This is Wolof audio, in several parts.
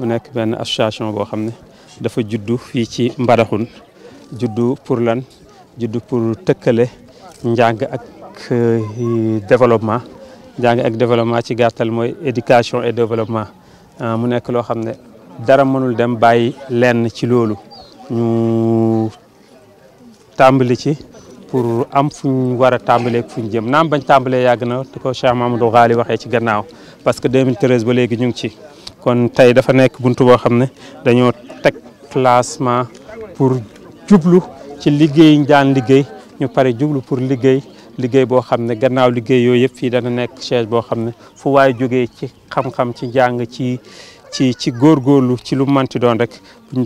mu nekk benn association boo xam ne dafa juddu fii ci Mbadakhoune juddu pour lan juddu pour tëkkale njàng ak euh, développement njàng ak développement ci gàttal mooy éducation et développement euh, mu nekk loo xam ne dara mënul dem bàyyi lenn ci loolu ñu tàmbali ci pour am fu ñu war tambaleek fu ñu jëm naam bañ tàmbalee yàgg na ko Cheikh Mamadou Ghali waxee ci gannaaw parce que 2013 ba léegi ci kon tey dafa nekk bunt boo xam ne dañoo teg classement pour jublu ci liggéey njaan liggéey ñu pare jublu pour liggéey liggéey boo xam ne gannaaw liggéey yooyu yëpp fii dana nekk chaise boo xam ne fu waaye jógee ci xam-xam ci njàng ci ci ci góorgóorlu ci lu manti doon rek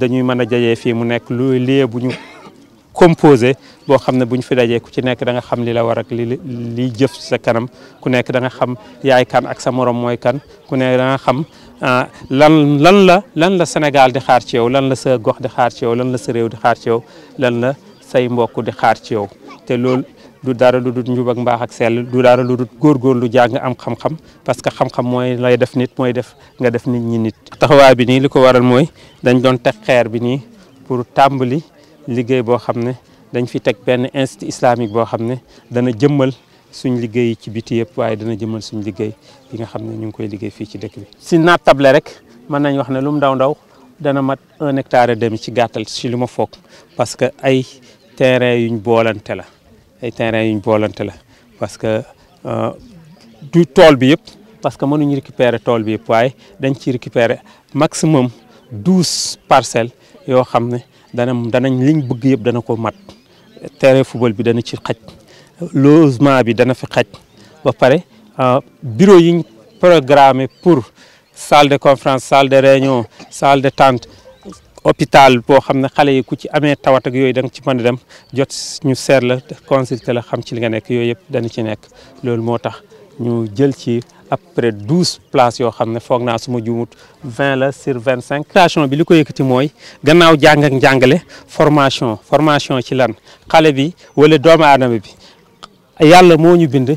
dañuy mën a jajee fii mu nekk lu lieu bu ñu composé boo xam ne bu ñu fi dajee ku ci nekk da nga xam li la war ak li liy jëf sa kanam ku nekk da nga xam yaay kan ak sa morom mooy kan ku nekk da xam Ah, lan lan la lan la Sénégal di xaar ci yow lan la sa gox di xaar ci yow lan la sa réew di xaar ci yow lan la say mbokk di xaar ci te loolu du dara lu dul njub ak mbaax ak sell du dara lu dul lu jàng am xam-xam parce que xam-xam mooy lay def nit mooy def nga def nit ñi nit. taxawaay bi nii li ko waral mooy dañ doon teg xeer bi nii pour tàmbali liggéey boo xam ne dañ fi teg benn institut islamique boo xam ne dana jëmmal. suñ liggéey ci biti yépp waaye dana jëmal suñ liggéey bi nga xam ne ñu ngi koy liggéey fii ci dëkk bi si naat table rek mën nañ wax ne lu mu ndaw ndaw dana mat un hectare et demi ci gàttal ci lu ma foog parce que ay terrain yuñ boolante la ay terrain yuñ boolante la parce que euh, du tool bi yëpp parce que mënuñu récupérer tool bi yëpp waaye dañ ci récupérer maximum 12 parcelles yoo xam ne dana danañ liñ bëgg yëpp dana ko mat terrain football bi dana ci xaj logement bi dana fi xaj ba pare ah, bureau yi programmé pour salle de conférence salle de réunion salle de tente hôpital bo xam xalé yi ku ci amé tawat ak yoy da ci mën dem jot ñu ser la consulter la xam ci li nga nek yoy yep dana ci nek lool motax ñu jël ci après 12 près douze places yoo xam ne foog naa su ma la sur 25 cinq. bi liko yëkëti moy gannaaw jang ak jangalé formation formation ci lan xalé bi wala doom adam bi. yàlla moo ñu bind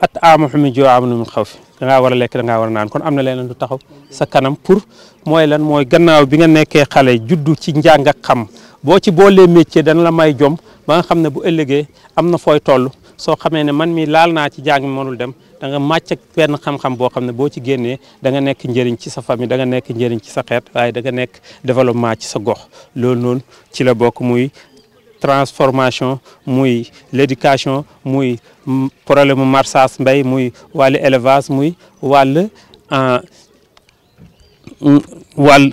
at aamaxu mi joo am nu mu xaw fi da war a lekk da ngaa war a naan kon am na leneen lu taxaw sa kanam pour mooy lan mooy gannaaw bi nga nekkee xale juddu ci njàng xam boo ci boolee métier dana la may jom ba nga xam ne bu ëllëgee am na fooy toll soo xamee ne man mi laal naa ci jàng mënul dem da nga màcc benn xam boo xam ne boo ci génnee da nga nekk njëriñ ci sa famille danga nekk njëriñ ci sa xeet waaye danga nga nekk développement ci sa gox loolu noonu ci la bokk muy transformation muy l'éducation muy problème mu maraîchage mbéy muy wàllu élevage muy wàll ah, mm, wàll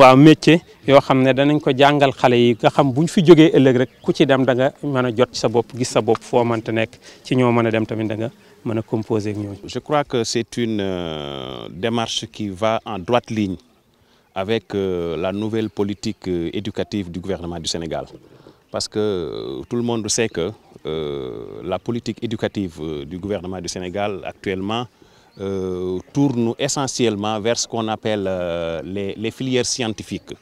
waaw métier Yo xam dañ ko jàngal xalé yi nga xam buñ fi joggé ëlëk rek ku ci dem da nga mëna jot ci sa bop gis sa bop fo mënta nekk ci ñoo mëna dem tamit da nga mëna composer ak ñoo Je crois que c'est une euh, démarche qui va en droite ligne avec euh, la nouvelle politique euh, éducative du gouvernement du Sénégal. Parce que euh, tout le monde sait que la politique éducative du gouvernement du Sénégal actuellement tourne essentiellement vers ce qu'on appelle les, les, filières scientifiques.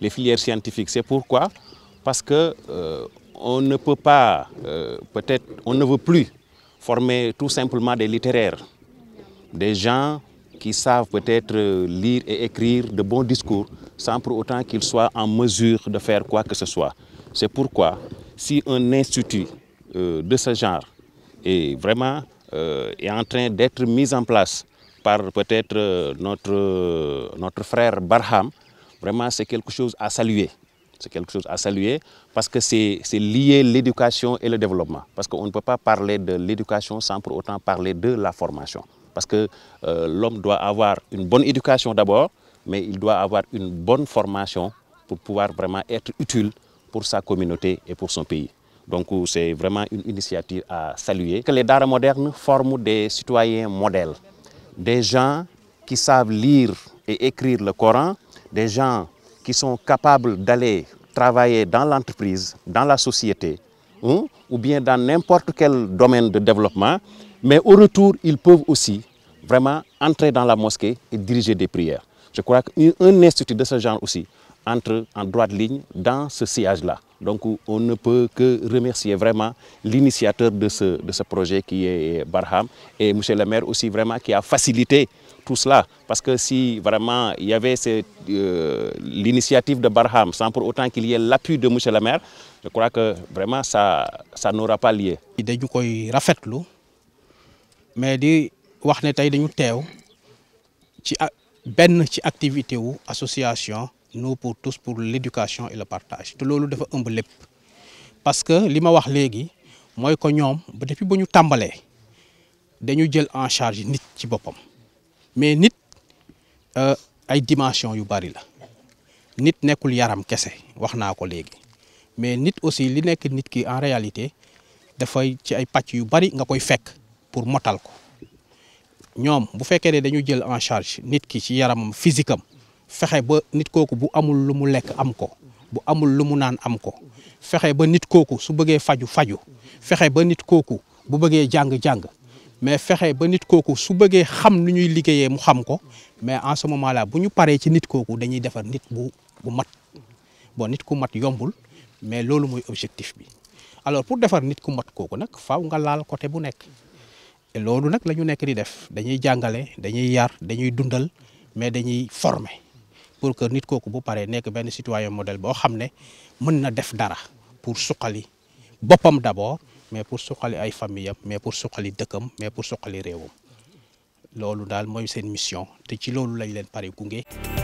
Les filières scientifiques, c'est pourquoi Parce que on ne peut pas, peut-être, on ne veut plus former tout simplement des littéraires, des gens qui savent peut-être lire et écrire de bons discours sans pour autant qu'ils soient en mesure de faire quoi que ce soit. C'est pourquoi si un institut euh, de ce genre est vraiment euh, est en train d'être mis en place par peut-être euh, notre, notre frère Barham, vraiment c'est quelque chose à saluer. C'est quelque chose à saluer parce que c'est lié l'éducation et le développement. Parce qu'on ne peut pas parler de l'éducation sans pour autant parler de la formation. Parce que euh, l'homme doit avoir une bonne éducation d'abord, mais il doit avoir une bonne formation pour pouvoir vraiment être utile pour sa communauté et pour son pays. Donc c'est vraiment une initiative à saluer. Que les dards modernes forment des citoyens modèles, des gens qui savent lire et écrire le Coran, des gens qui sont capables d'aller travailler dans l'entreprise, dans la société, hein, ou bien dans n'importe quel domaine de développement, mais au retour, ils peuvent aussi vraiment entrer dans la mosquée et diriger des prières. Je crois qu'un institut de ce genre aussi entre en droite ligne dans ce sillage-là. Donc on ne peut que remercier vraiment l'initiateur de ce, projet qui est Barham et M. le maire aussi vraiment qui a facilité tout cela. Parce que si vraiment il y avait euh, l'initiative de Barham sans pour autant qu'il y ait l'appui de M. le maire, je crois que vraiment ça, n'aura pas lieu mais di wax ne tey dañu teew ci benn ci activité wu association nous pour tous pour l'éducation et le partage te loolu dafa ëmb lepp parce que lima wax léegi moy ko ñom depuis buñu tambalé dañu jël en charge nit ci bopam mais nit euh, ay dimension yu bari la nit nekul yaram kese wax naa ko mais nit aussi li nek nit ki en réalité fay ci ay patch yu bari nga koy fekk pour motal ko ñoom bu fekkee ne dañu jël en charge nit ki ci yaramam physique am fexe ba nit kooku bu amul lu mu lekk am ko bu amul lu mu naan am ko fexe ba nit kooku su bëggee faju faju fexe ba nit kooku bu bëggee jàng-jàng mais fexe ba nit kooku su bëggee xam nu ñuy liggéeyee mu xam ko mais en ce moment bu ñu paree ci nit kooku dañuy defar nit bu bu mat bon nit ku mat yombul mais loolu mooy objectif bi alors pour defar nit ku mat kooku nag faaw te loolu nag la ñu nekk di def dañuy jàngale dañuy yar dañuy dundal mais dañuy former pour que nit kooku bu paree nekk benn citoyen modèle boo xam ne mën na def dara pour suqali boppam d'abord mais pour suqali ay famille am mais pour suqali dëkkam mais pour suqali réewam loolu daal mooy seen mission te ci loolu lañ leen pare gunge.